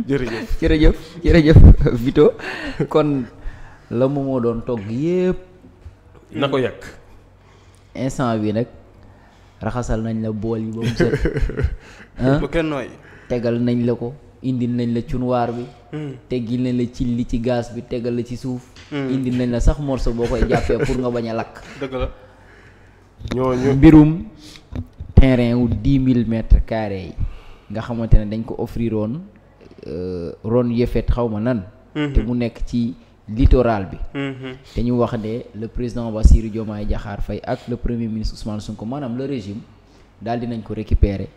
jërëjëf jërëjëf jërëjëf bito kon la moom moo doon togg yépp na ko yàq instant bi nag raxasal nañ la bool yi ba mu set bu tegal nañ la ko indi nañ la cunwaar bi hmm. teggil nañ la cilli ci gaz bi tegal la ci suuf hmm. indi nañ la sax morceau boo koy jàppee pour nga bañ a lakk ñoo mbirum terrain wu dix mille mètres carrés yi nga xamante ne dañ ko offrir woon euh, rone Yéfét xaw ma nan. Mhm. te mu nekk ci littoral bi. Mhm. te ñu wax ne le président Bassirou Diomaye Diakhar fay ak le premier ministre Ousmane Sonko maanaam le régime daal nañ ko récupérer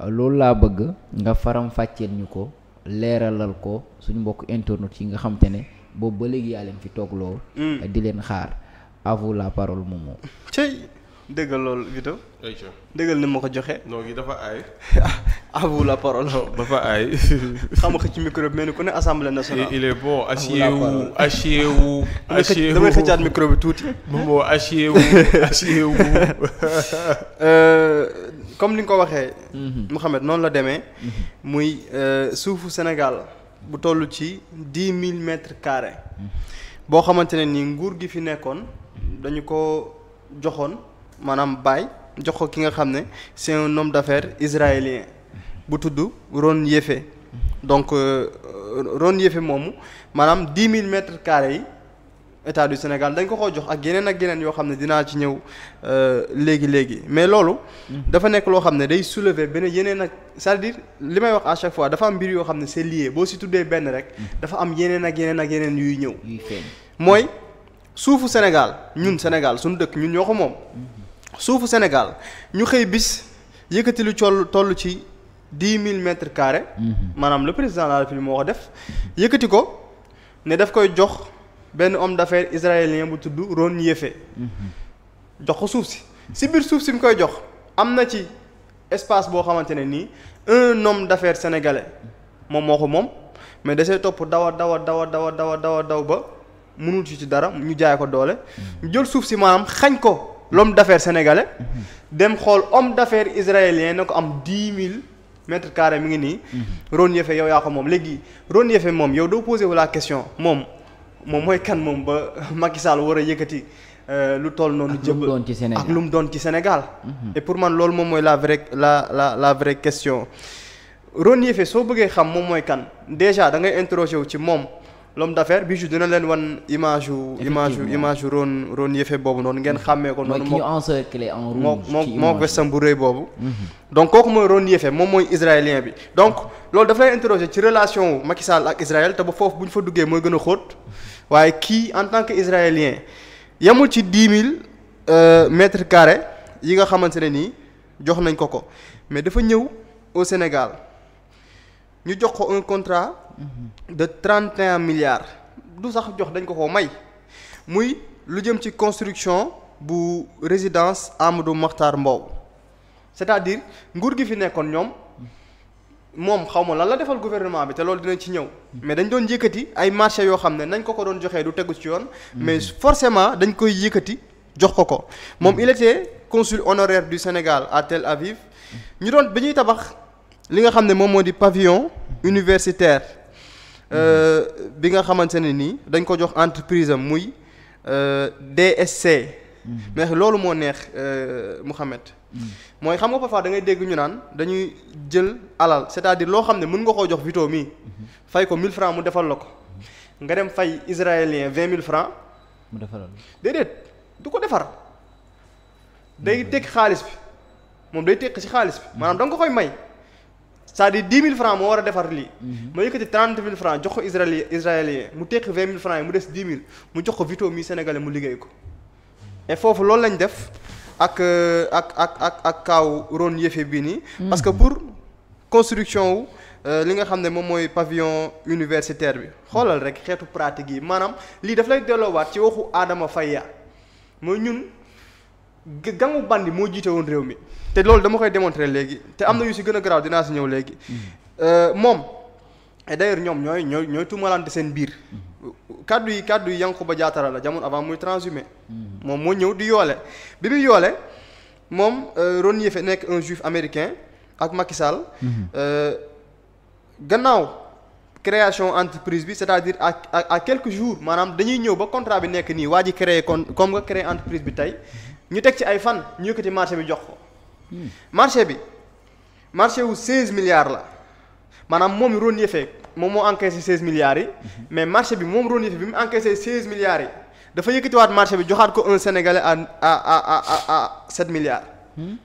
euh, loolu laa bëgg nga faram fàcceen ñu ko leeralal ko suñu mbokk internet yi nga xamante ne boobu ba léegi yaa leen fi toogloo. Mm. di leen xaar à la parole Momo. dëggal loolu Vito. dëggal ni ma ko joxe. non dafa aay. à vous la parole. dafa micro bi ne assemblée nationale. il est bon acier wu acier wu. acier wu damay xëccaat micro bi tuuti. moom moo acier comme ni nga ko waxee. Mhm. Mouhamed noonu la demee. Mhm. muy euh, suufu Sénégal bu toll ci dix mille mètres mhm. boo xamante ne ni nguur gi fi nekkoon dañu ko joxoon. maanaam baay jox ko ki nga xam ne c'est un homme d'affaires bu tudd Ron Yefe donc euh, Ron Yefe moomu maanaam dix mille mètres yi état du Sénégal dañ ko koo jox ak yeneen ak yeneen yoo xam ne dinaa ci ñëw euh, léegi léegi mais loolu. dafa nekk loo xam ne day soulever beneen yeneen ak c'est-à-dire li may wax à chaque fois dafa am mbir yoo xam ne c'est lié boo si tuddee benn rek. dafa am yeneen ak yeneen ak yeneen yuy ñëw. mooy suufu Sénégal ñun Sénégal suñu dëkk ñun ñoo ko moom. suufu Sénégal ñu xëy bis yëkkati lu toll ci dix mille mètres carrés. Mhm. maanaam le président de la moo ko def. yëkkati ko ne daf koy jox benn homme d'affaires israélien bu tudd Ron Yefe. Mhm. jox ko suuf si si biir suuf si mu koy jox am na ci espace boo xamante ne nii un nom d'affaires sénégalais moom moo ko moom mais dasee topp dawa dawa dawa dawa dawa dawa daw ba mënul ci ci dara ñu jaay ko doole ñu mhm. jël suuf si maanaam xañ ko. l'homme d'affaires sénégalais dem xool homme d'affaires israélien na ko am dix mille mètres carré mi ngi nii Ron Yeffe yow yaa ko moom léegi rone Yeffe moom yow doo posé wu la question moom moom mooy kan moom ba Macky Sall war a yëkkati euh, lu toll noonu jëm ak lu mu doon ci Sénégal mhm. et pour man loolu moom mooy la vraie la la la vraie question Ron Yeffe soo bëggee xam moom mooy kan déjà da ngay interroger wu ci moom l'homme d'affaires bi ju dina leen wan image yu image yu image yu roon roon yëfe boobu noonu ngeen xàmmee ko noonu moo moo moo westam bu rëy boobu mhm. donc kooku mooy ron yëfe moom mooy israélien bi donc loolu dafa lay ci relation Macky Sall ak Israël te ba foofu bu ñu fa duggee mooy gën a xóot waaye kii en tant que israélien yemul ci dix mille euh, mètres carrés yi nga xamante ne nii jox nañ ko ko mais dafa ñëw au Sénégal ñu jox ko un contrat de trente et un milliards du sax jox dañ ko ko may muy lu jëm ci construction bu résidence Amadou Mahtar Mbow c'est-à-dire nguur gi fi nekkoon ñoom moom xaw ma lan la defal gouvernement bi te loolu dinañ ci ñëw mais dañ doon yëkkati ay marché yoo xam ne nañ ko ko doon joxee du tegu ci yoon mais forcément dañ koy yëkkati jox ko ko moom il était consul honoraire du Sénégal à Tel Aviv ñu doon bi ñuy tabax li nga xam ne moom moo di pavillon universitaire euh, bi nga xamante ne nii dañ ko jox entreprise am muy euh, DSC. Mhm. mais loolu moo neex euh, Mouhamed. Mhm. mooy xam nga parfois da ngay dégg ñu naan dañuy jël alal c'est-à-dire loo xam ne mën nga koo jox Vito mii mhm. fay ko 1000 francs mu defal la ko nga dem fay vingt mille francs mu defal la déedéet du ko defar day tekk xaalis bi moom day tekk ci xaalis bi maanaam da koy may. c'est-à-dire dix mille francs moo war a defar lii. Mhm. ma yëkkati trente mille francs jox ko israélien israélien mu tekki vingt mille francs yi mu des dix mille mu jox ko Vito mi sénégalais mu liggéey ko. et foofu loolu lañ def ak euh, ak ak ak ak kaaw ron yëfe bii nii. Mhm. parce que pour construction wu. Euh, li nga xam ne moom mooy pavillon universitaire bi xoolal rek xeetu pratique yi maanaam lii daf lay delloowaat ci waxu Adama Faya mooy ñun. ga gangu bandi moo jiite woon réew mi te loolu dama koy démontrer léegi te am na yu si gën a garaaw dinaa si ñëw léegi euh, moom d'ailleurs ñoom ñooy ñooy ñooy di seen biir kàddu yi kàddu yi ba Jaatara la jamono avant muy transhumé moom moo ñëw di yoole bi muy yoole moom euh, Ron Yéfé nekk un juif américain ak Macky Sall mhm. euh, gannaaw création entreprise bi c'est-à-dire ak à quelques jours maanaam dañuy ñëw ba contrat bi nekk nii waa ji créé kon comme nga créé entreprise bi tey ñu teg ci ay fan ñu yëkkati marché bi jox ko. marché bi marché wu 16 milliards la maanaam moom mi doon yëfee moom moo encaissé 16 milliards yi. mais marché bi moom doon yëfee bi mu encaissé 16 milliards yi dafa yëkkatiwaat marché bi joxaat ko un sénégalais à à à à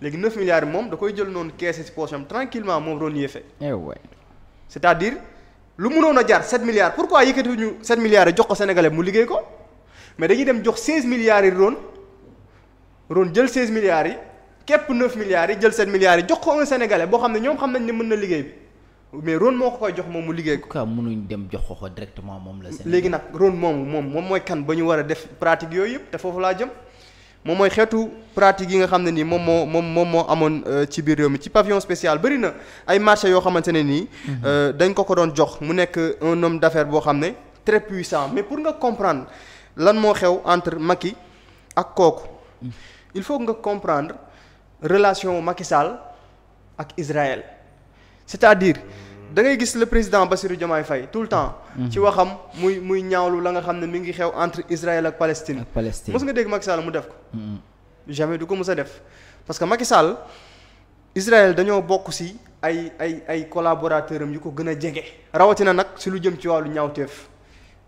léegi 9 milliards moom da koy jël noonu keese si poche am tranquillement moom doon yëfee. Eh cest à lu mënoon a jar 7 milliards pourquoi yëkkatiwuñu 7 milliards yi jox ko sénégalais mu liggéey ko mais dañuy dem jox 16 milliards yi ron jël 16 milliards yi képp 9 milliards jël 7 milliards jox ko un sénégalais boo xam ne ñoom xam nañ ne mën na liggéey bi mais ron moo ko koy jox moom mu liggéey ko. pourquoi mënuñ dem jox ko ko directement moom la. léegi nag ron moomu moom moom mooy kan ba ñu war a def pratique yooyu yëpp te foofu laa jëm. moom mooy xeetu pratique yi nga xam ne nii moom moo moom moom moo amoon euh, ci biir réew mi ci pavillon spécial bëri na ay marché yoo xamante ne nii. Mhm. Euh, dañ ko ko doon jox mu nekk un homme d'affaires boo xam ne très puissant mais pour nga comprendre lan moo xew entre Macky ak kooku mhm. il faut nga comprendre relation Macky Sall ak Israël c'est-à-dire. da ngay gis le président Bassirou Diomaye fay tout le temps. Mm-hmm. ci waxam muy muy ñaawlu la nga xam ne mi ngi xew entre Israël ak Palestine. ak Palestine nga dégg Macky Sall mu def ko. Mm-hmm. jamais du ko mos a def parce que Macky Sall Israël dañoo bokk si ay ay ay collaborateurs am yu ko gën a jege. rawatina nag si lu jëm ci wàllu ñaawteef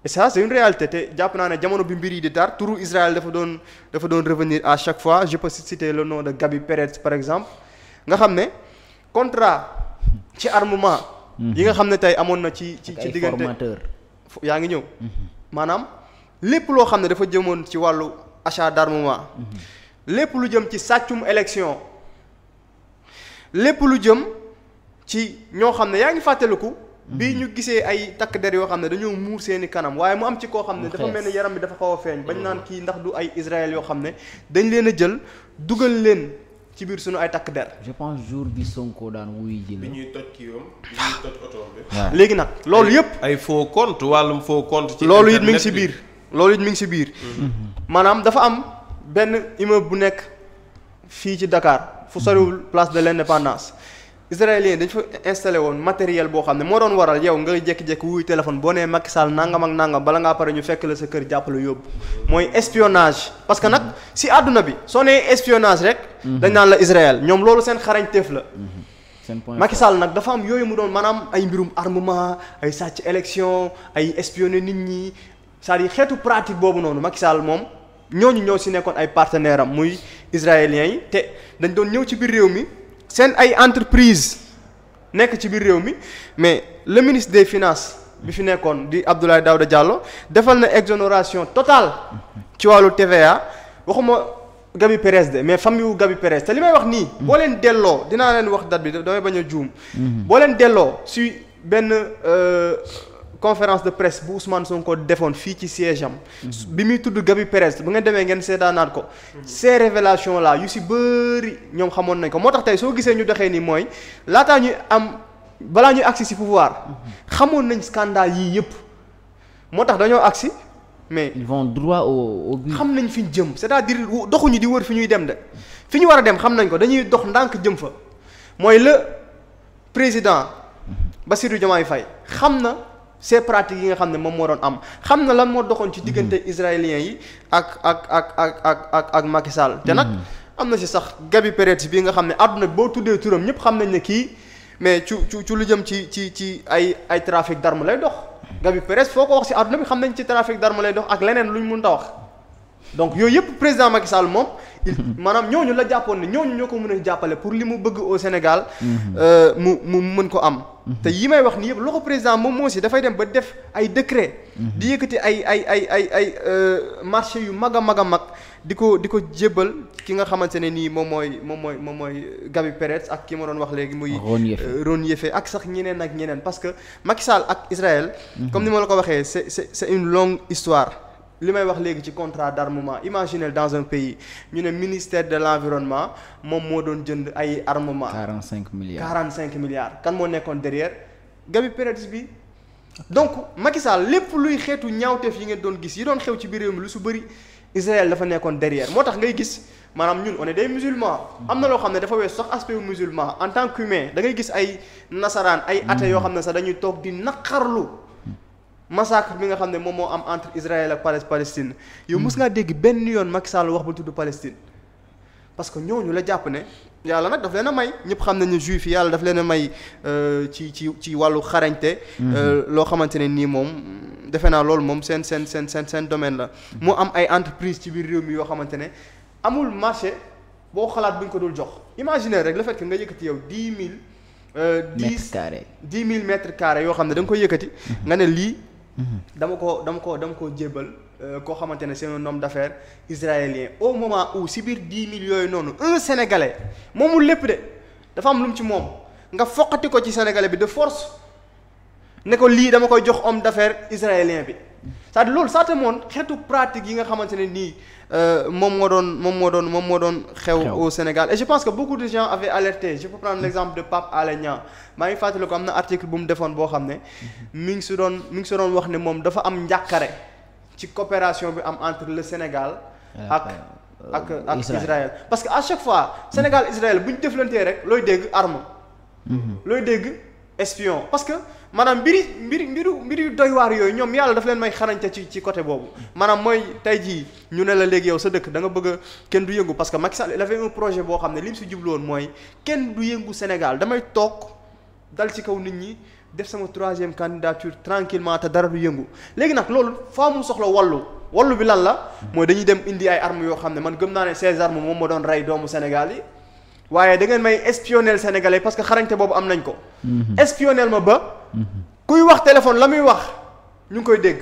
et ça c'est une réalité te jàpp naa ne jamono bi mbir yi di tar tour Israël dafa doon dafa doon revenir à chaque fois je peux citer le nom de Gabi Peretz par exemple nga xam ne contrat ci armement. yi nga xam ne tey amoon na ci ci ci diggante yaa ngi ñëw mhm. maanaam lépp loo xam ne dafa jëmoon ci wàllu achat d'armement mhm. lépp lu jëm ci sàccum élection lépp lu jëm ci ñoo xam ne yaa ngi fàttaliku mhm. bi ñu gisee ay takk der yoo xam ne dañoo muur seeni kanam waaye mu am ci koo xam ne dafa mel yaram bi dafa xaw a feeñ bañ naan kii ndax du ay Israël yoo xam ne dañ leen a jël dugal leen ci biir suñu ay takk der. je pense jour bi Sonko daan wuy ji la. ñuy toj kii bi ñuy toj oto léegi nag loolu yëpp. ay faux compte wàllum faux compte. ci loolu it mi ngi si biir loolu it mi ngi si biir. Mhm. maanaam dafa am benn immeuble bu nekk fii ci Dakar fu soriwul mhm. place de l'indépendance. israélien dañ fa installé woon matériel boo xam ne moo doon waral yow nga jékki-jékki wuy téléphone boo nee Macky Sall nangam ak nangam bala ngaa pare ñu fekk la sa kër jàppale yóbbu mooy espionnage parce que nag si àdduna bi soo nee espionnage rek. Mhm. dañ naan la Israël ñoom loolu seen xarañteef la. Mhm. seen point Macky Sall nag dafa am yooyu mu doon maanaam ay mbirum armement ay sàcc élection ay espionner nit ñi cest à xeetu pratique boobu noonu Macky Sall moom ñooñu ñëw si nekkoon ay partenaires am muy israéliens yi te dañ doon ñëw ci biir réew mi seen ay entreprise nekk ci biir réew mi mais le ministre des finance bi fi nekkoon di Abdoulaye Daouda Diallo defal na exonération totale ci wàllu TVA waxuma. Gabi Perez de mais famille wu Gabi Perez te li may wax nii. Hmm. boo leen delloo dinaa leen wax date bi damay bañ a juum. Hmm. boo leen delloo si benn euh, conférence de presse bu Ousmane Sonko defoon fii ci siège hmm. bi muy tudd Gabi Perez bu nga demee ngeen seetaanaat ko. ces révélations là yu si bëri ñoom xamoon nañ ko moo tax tey soo gisee ñu doxee nii mooy laataa ñuy am balaa ñuy agsi si pouvoir xamoon nañ scandale yii yëpp moo tax dañoo agsi mais ils vont xam nañ fi ñu jëm c'est-à-dire doxuñu di wër fi ñuy dem de fi ñu war a dem xam nañ ko dañuy dox ndànk jëm fa mooy le président Bassirou Diomaye fay xam na ces pratiques yi nga xam ne moom moo doon am xam na lan moo doxoon ci diggante mm-hmm. israéliens yi ak ak ak ak ak ak ak Macky te nag mm-hmm. am na si sax Gabi Peretz bii nga xam ne àdduna boo tuddee turam ñëpp xam nañ ne kii mais ci ci ci lu jëm ci ci ci ay ay trafic lay dox. Gabi Perez foo ko wax ci àdduna bi xam nañ ci trafic d'armes lay dox ak leneen luñ mënta wax donc yooyu yëpp président Macky Sall moom. maanaam ñooñu la jàppoon ne ñooñu ñoo ko mën a jàppale pour li mu bëgg au Sénégal. Mhm. Euh, mu mu mën ko am. Mhm. te yi may wax nii yëpp loxo président moom moo si dafay dem ba def ay décret. Mhm. di yëkkati ay ay ay ay ay euh, marché yu mag a mag a mag di ko di ko jébbal ki nga xamante ne nii moom mooy moom mooy moom mooy Gabi Peretz ak ki ma doon wax léegi. muy Ron Yefe euh, ak sax ñeneen ak ñeneen parce que Macky Sall ak Israël. comme ni ma la ko waxee c'est c'est une longue histoire. li may wax léegi ci contrat d'armement imaginez dans un pays ñu ne ministère de l'environnement moom moo doon jënd ay armement 45 milliards 45 milliards kan moo nekkoon derrière Gabi Peretz bi donc Macky Sall lépp luy xeetu ñaawteef yi ngeen doon gis yi doon xew ci biir réew mi lu su bëri Israël dafa nekkoon derrière moo tax ngay gis maanaam ñun on est des musulmans am na loo xam ne dafa wees sax aspect musulman en tant qu'humain da ngay gis ay nasaraan ay ate yoo xam ne sax dañuy toog di naqarlu massacre bi nga xam ne moom moo am entre Israël ak Palest Palestine yow mës hmm. ngaa dégg benn yoon Macky Sall wax ba tudd Palestine parce que ñooñu la jàpp ne yàlla nag daf leen a may ñëpp xam nañu juif yi yàlla daf leen a may euh, ci ci ci wàllu xarañte. Hmm. Euh, loo xamante ne nii moom defe naa loolu moom seen seen seen seen seen domaine la. Hmm. mu am ay entreprise ci biir réew mi yoo xamante ne amul marché boo xalaat bu ñu ko dul jox imaginer rek la fait que nga yëkkati yow dix mille. Euh, dix mètres carrés dix yoo xam ne da koy yëkkati dama ko dama ko dama ko jébbal euh, koo xamante ne c'est un homme d'affaires israélien au moment où si biir dix mille yooyu noonu un sénégalais moomul lépp de dafa am lum ci moom nga foqati ko ci sénégalais bi de force ne ko lii dama koy jox homme d'affaires israélien bi. c'est-à-dire loolu ça te xeetu pratique yi nga xamante ne nii euh, moom moo doon moom moo doon moom moo doon xew au Sénégal et je pense que beaucoup de gens avaient alerté je peux de Pape Alé Niang maa ngi fàttali ko am na article bu mu defoon boo xam ne mi ngi si doon mi ngi si doon wax ne moom dafa am njàkkare ci coopération bi am entre le Sénégal euh, ak ak ak Israël parce que à chaque fois Sénégal Israël bu ñu deflantee rek looy dégg arme mhm. looy dégg espion parce que maanaam mbiri mbiri mbiru mbiru doy waar yooyu ñoom yàlla dafa leen may xarañte ci ci côté boobu maanaam mooy tey jii ñu ne la léegi yow sa dëkk danga bëgg a kenn du yëngu parce que Macky Sall il projet boo xam ne li si jublu woon mooy kenn du yëngu Sénégal damay toog dal ci kaw nit ñi def sama troisième candidature tranquillement te dara du yëngu léegi nag loolu faa mu soxla wallu wallu bi lan la mooy dañuy dem indi ay armes yoo xam ne man gëm naa ne ces armes moom moo doon rey doomu Sénégal waaye da ngeen may espionner sénégalais parce que xarañte boobu am nañ ko. Mhm. espionner ma ba. Mhm. kuy wax téléphone la muy wax ñu ngi koy dégg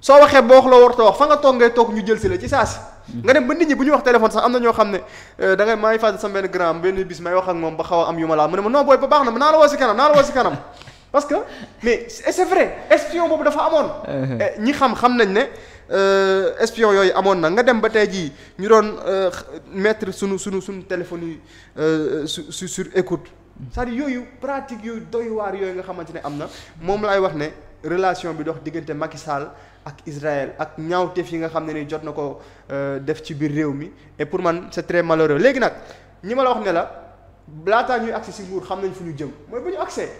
soo waxee boo wax loo warta wax fa nga toog ngay toog ñu jël si la ci saasi. Mhm. nga dem ba nit ñi bu ñu wax téléphone sax am na ñoo xam ne euh, da ngay maa ngi fàttali grand benn bis may wax ak moom ba xaw am yu ma laal mu ne ma non booy ba baax na naa la woo si kanam naa la woo si kanam. parce mais c'est boobu dafa amoon. Eh, ñi xam xam nañ ne. Euh, espion yooyu amoon na nga dem ba tey jii ñu doon euh, mettre sunu sunu sunu téléphone yi euh, su su sur écoute cest yooyu pratique yooyu doy waar yooyu nga xamante ne am na moom laay wax ne relation bi dox diggante Macky Sall ak Israël ak ñaawteef yi nga xam ne ni jot na ko def ci biir réew mi et pour man c'est très malheureux léegi nag ñi ma la wax ne la laataa ñuy agsi si nguur xam nañ fu ñu jëm mooy bu ñu agsee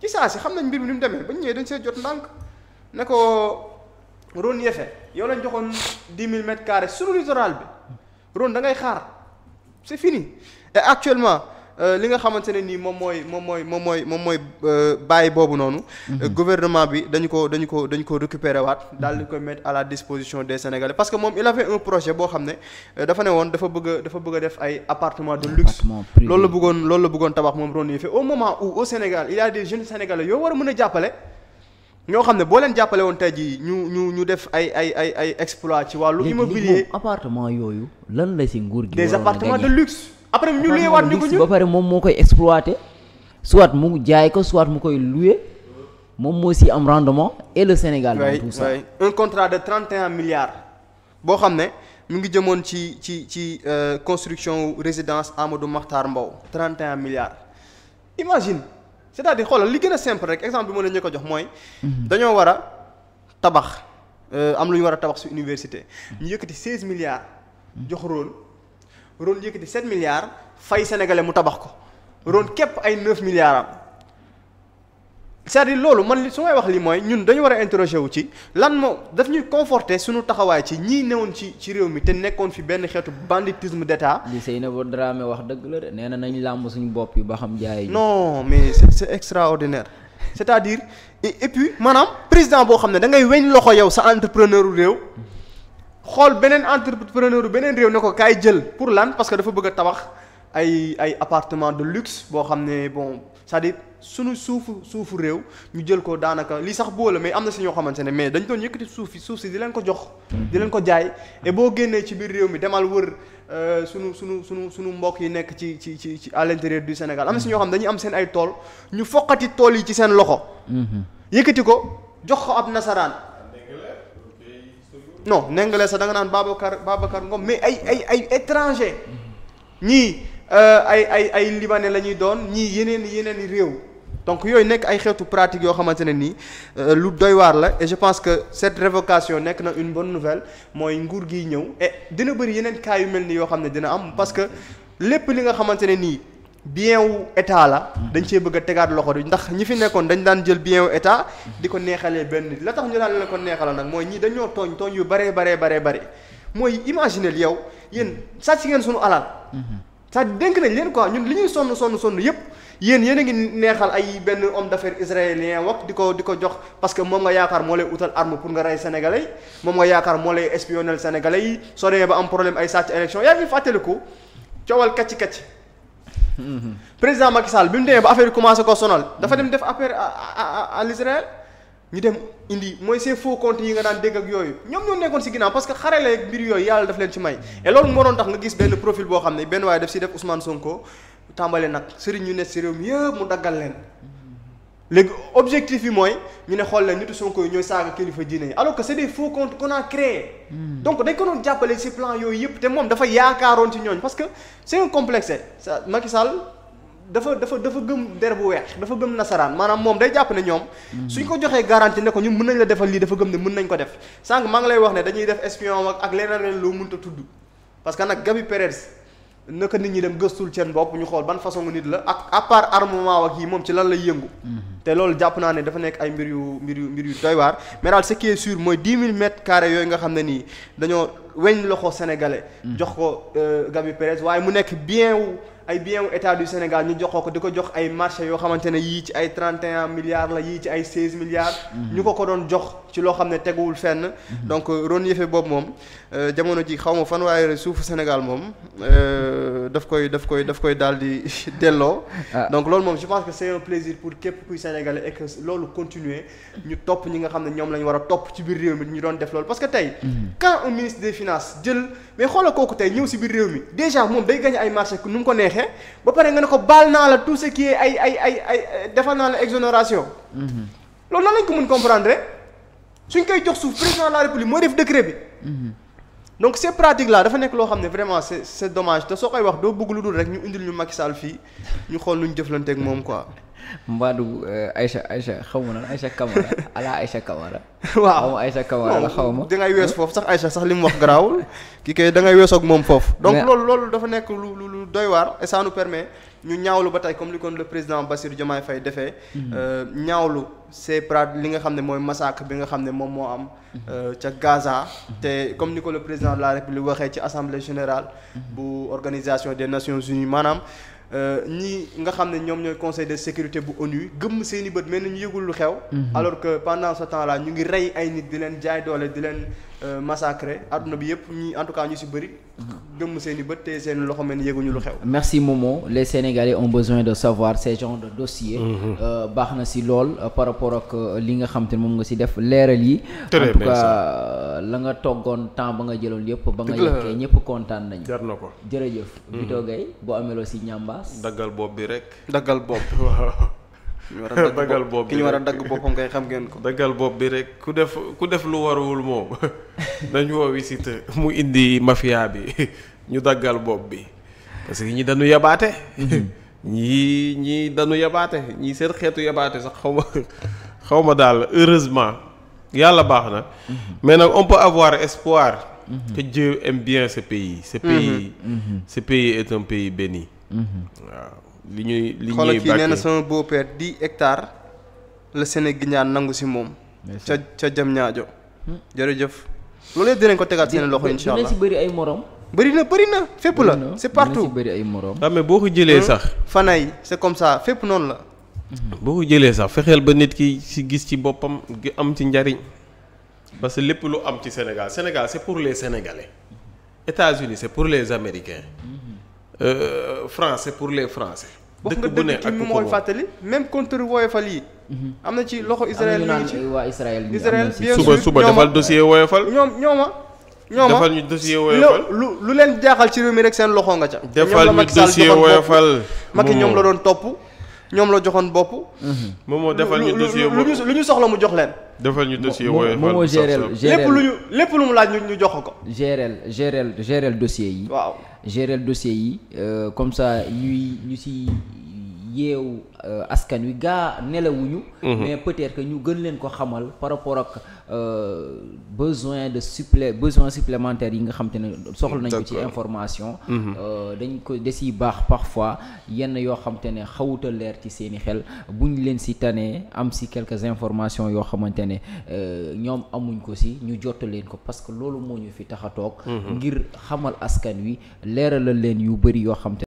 ci saa si xam nañ mbir mi ñu mu demee ba ñu ñëwee dañ see jot ndànk ne ko Rhône Yéfé yow lañ joxoon dix mille mètres carrés sur littoral bi Rhône da ngay xaar c'est fini et actuellement euh, li nga xamante ne nii moom mooy moom mooy moom mooy moom mooy euh, bàyyi boobu noonu. Mhm. Euh, gouvernement bi dañu ko dañu ko dañu ko récupérer waat daal di koy mettre à la disposition de sénégalais parce que moom il avait un projet boo xam ne dafa ne woon dafa bëgg dafa bëgg def ay appartement de luxe. loolu la bëggoon loolu la bëggoon tabax moom Rhône Yéfé au moment où au Sénégal il de a des jeunes mën a jàppale. ñoo xam ne boo leen jàppale woon tey jii ñu ñu ñu def ay ay ay ay exploit ci wàllu immobilier appartement yooyu lan la si nguur gi des appartements de luxe après ñu luye ko ñu ba pare moom moo koy exploité soit mu jaay ko soit mu koy luye moom moo si am rendement et le Sénégal oui, tout un contrat de 31 milliards boo xam ne mu ngi jëmoon ci ci ci euh, construction résidence Amadou Mahtar Mbow 31 milliards imagine c'est-à-dire xoolal li gën a simple rek exemple bi ma la ñu ko jox mooy. dañoo war a tabax euh, am lu ñu war a tabax su université. ñu yëkkati 16 milliards. jox Rhône Rhône yëkkati 7 milliards fay sénégalais mu tabax ko Rhône képp ay 9 milliards cest dire loolu man li su may wax lii mooy ñun dañu war a interroger wu ci lan moo daf ñuy conforter suñu taxawaay ci ñii newoon ci ci réew mi te nekkoon fi benn xeetu banditisme d'État. li Seynabou Dramé wax dëgg la de nee na nañ làmb suñu bopp yi ba xam jaay. non mais c'est c'est extraordinaire c'est-à-dire et, et puis maanaam président boo xam ne da ngay weñ loxo yow sa entrepreneur u réew xool beneen entrepreneur u beneen réew ne ko kaay jël pour lan parce que dafa bëgg a ay ay appartement de luxe boo xam ne bon cest suñu suufu suufu réew ñu jël ko daanaka li sax boole mais am na si ñoo xamante ne mais dañ doon yëkkati suuf yi suuf si di leen ko jox. di leen ko jaay et boo génnee ci biir réew mi demal wër euh, sunu sunu sunu sunu mbokk yi nekk ci ci ci ci à l'intérieur du Sénégal am na si ñoo xam dañu am seen ay tool ñu foqati tool yi ci seen loxo. Mhm. yëkkati ko jox ko ab nasaraan. non nengale sax da nga naan Babacar Babacar Ngom mais ay ay ay étranger mhm. ñii euh, ay ay ay libanais la ñuy doon ñii yeneen yeneen réew. donc yooyu nekk ay xeetu pratique yoo xamante ne nii euh, lu doy waar la et je pense que cette révocation nekk na une bon nouvelle mooy nguur gi ñëw e dina bëri yeneen cas yu mel ni yoo xam ne dina am parce que lépp li nga xamante ne nii bien wu état la dañ see bëgg a tegaat loxo bi ndax ñi fi nekkoon dañ daan jël bien wu état di ko neexalee benn la tax ñu daan la ko neexala nag mooy ñii dañoo tooñ tooñ yu baree baree baree bëri mooy imaginel yow yéen sàcc ngeen suñu alal mm-hmm. ça dénk nañ leen quoi ñun li ñuy sonn sonn sonn yëpp yéen yéen ngi neexal ay benn om d'affaires israélien wax di ko di ko jox parce que moom nga yaakaar moo lay utal arme pour nga rey sénégalais moom nga yaakaar moo lay espionner sénégalais yi soo demee ba am problème ay sàcc élection yaa ngi fàttaliku coowal kacc kacc mhm. président Macky Sall bi mu demee ba affaire yi commencé ko sonal dafa mhm. dem def affaire à à à l'Israël ñu dem indi mooy ces faux comptes yi nga daan dégg ak yooyu ñoom ñoo nekkoon si ginnaaw parce que xare la ak mbir yooyu yàlla daf leen ci may et loolu moo doon tax nga gis benn profil boo xam ne benn waaye daf ci def Ousmane Sonko tàmbale nag sëriñ ñu ne ci réew mi mu daggal leen léegi objectif yi mooy ñu ne xool leen nitu Sonko yi ñooy saaga kilifa diine yi alors que c'est des a créé hmm. donc dañ jàppale ci plan yooyu yëpp te moom dafa yaakaaroon ci ñooñ parce que c'est un complexe ça Macky dafa dafa dafa gëm der bu weex dafa gëm nasaraan maanaam moom day jàpp ne ñoom suñ ko joxee garantie ne ko ñun mën nañ la defal lii dafa gëm ne mën nañ ko def sànq maa ngi lay wax ne dañuy def espion ak ak leneen leen loo mënta tudd parce que nag Gabi Perez naka nit ñi dem gëstul seen bopp xool ban façon nit la ak à part ak yi moom ci lan lay yëngu mhm. te loolu jàpp naa ne dafa nekk ay mbir yu mbir yu mbir yu doy waar mais daal ce qui est sûr mooy nga xam ne nii dañoo weñ loxo sénégalais mhm. jox ko euh, Gabi Perez waaye mu nekk bien wu ay bien wu état du Sénégal ñu joxoo ko di ko jox ay marché yoo xamante ne yii ci ay 31 milliards la yii ci ay 16 milliards. Mm-hmm. ñu ko ko doon jox ci loo xam ne teguwul fenn. Mm-hmm. donc euh, ron yëfe boobu moom euh, jamono ji xaw ma fan waaye suufu Sénégal moom euh, daf koy daf koy koy daal di delloo. Ah. donc loolu moom je pense que c'est un plaisir pour képp kuy sénégalais et loolu continuer ñu topp ñi nga xam ne ñoom la ñu a topp ci biir réew mi ñu doon def loolu parce que tey. Mm-hmm. quand un ministre des finances jël mais xoolal kooku tey ñëw si biir réew mi déjà moom day gagné ay marché mu ko neexee neexee ba nga ne ko baal naa la tout ce qui est ay ay ay ay defal naa la exonération. Mhm. loolu nan lañ ko mën comprendre suñ koy jox suuf président la république mooy def décret bi. Mhm. donc ces pratiques là dafa nekk loo xam ne vraiment c'est c'est dommage te soo koy wax doo bëgg lu dul rek ñu indil ñu Macky saal fii ñu xool nu ñu jëflanteeg moom quoi. Mbadou euh, Aïcha Aïcha xaw ma nan Aïcha Camara ala Aïcha Camara. waaw xaw ma Aïcha Camara la xaw ma. da ngay wees foofu sax Aïcha sax li mu wax garaawul kii kay da ngay weesoog moom foofu. donc loolu loolu dafa nekk lu lu doy waar et ça permet. ñu ñaawlu ba tey comme ni kon le président Bassirou Diomaye Faye defee. Mhm. Euh, ñaawlu c'est pra li nga xam ne mooy massacre bi nga xam ne moom moo am. Euh, ca Gaza. Mhm. te comme ni ko le président de rek li waxee ci assemblée générale. Mhm. bu organisation des Nations Unies maanaam. Euh, ñi nga xam ne ñoom ñooy conseil de sécurité bu ONU gëmm seen i bët mel ni ñu yëgul lu xew. alors que pendant ce temps là ñu ngi rey ay nit di leen jaay doole di leen. Euh, massacré àdduna bi yëpp ñi en tout cas ñu si bëri. gëmm seen i bët te seen loxo mel ni yëguñu lu xew. merci Momo les Sénégalais ont besoin de savoir ces genres de dossiers. Mm-hmm. Euh, baax na si lool euh, par rapport ak li nga xam te moom nga si def leeral yi. en tout cas la nga toggoon temps ba nga jëloon yëpp. ba nga yekkee ñëpp kontaan nañu. jar na ko jërëjëf. Vito mm-hmm. Gaye boo amee loo si ñambaas. daggal bopp bi rek. daggal bopp daggal bopp bi ki ñu war a dagg boppam kay xam ngeen ko. daggal bopp bi rek ku def ku def lu warul moom dañu woo visite mu indi mafia bi ñu daggal bopp bi parce que ñi dañu yabaate. Mhm. ñi ñi dañu yabaate ñii seen xeetu yabaate sax xaw ma xaw ma daal heureusement yàlla baax na. Mhm. mais nag on avoir espoir. Mhm. que Dieu aime bien ce pays. ce pays. ce pays est un béni. waaw. li ñuy li ñuy xoolal kii nee na sama beau-père dix hectares la Sénégal nangu si moom. ca ca jam ñaajo. jërëjëf loolu yëpp dinañ ko tegaat seen loxo incha allah dina si bëri ay morom. bëri na bëri na fépp la c'est partout bëri ay morom. waaw ah, boo ko jëlee hmm? sax. fanay c'est comme ça fépp noonu la. Hmm. boo ko jëlee sax fexeel ba nit ki si gis ci boppam gi am ci njariñ parce que lépp lu am ci Sénégal Sénégal c'est pour les Sénégalais États-Unis c'est pour les Américains hmm. euh, France pour les Français. dëkk bu ne ak ku ko mooy fàttali même contre woyofal yi. Mhm. am na ci loxo Israël. am ci waa Israël. Israël bien sûr suba suba defal dossier woyofal. ñoom ñooma. ñooma defal ñu dossier woyofal lu lu leen jaaxal ci mi rek seen loxo nga ca. defal ñu dossier woyofal Macky ñoom la doon topp ñoom la joxoon bopp. moom moo defal ñu dossier woyofal lu ñu soxla mu jox leen. defal ñu dossier woyofal moom moo géré lépp lu ñu lépp lu mu laaj ñu jox ko. géré géré géré dossier yi waaw. gérer dossier yi euh, comme ça ñuy ñu si yeewu euh, askan wi gaa nelawuñu mhm. mais peut-être que ñu gën leen ko xamal par rapport ak euh, besoin de supplé besoin supplémentaire yi nga xam ne soxla nañ ci information mhm. euh, dañ ko des yi baax parfois yenn yoo xam te ne xawuta leer ci seeni xel buñ leen si tanee am si quelques informations yoo xamante ne ñoom amuñ ko si ñu jot leen ko parce que loolu moo ñu fi tax a toog mhm. ngir xamal askan wi leeralal leen yu bëri yoo xam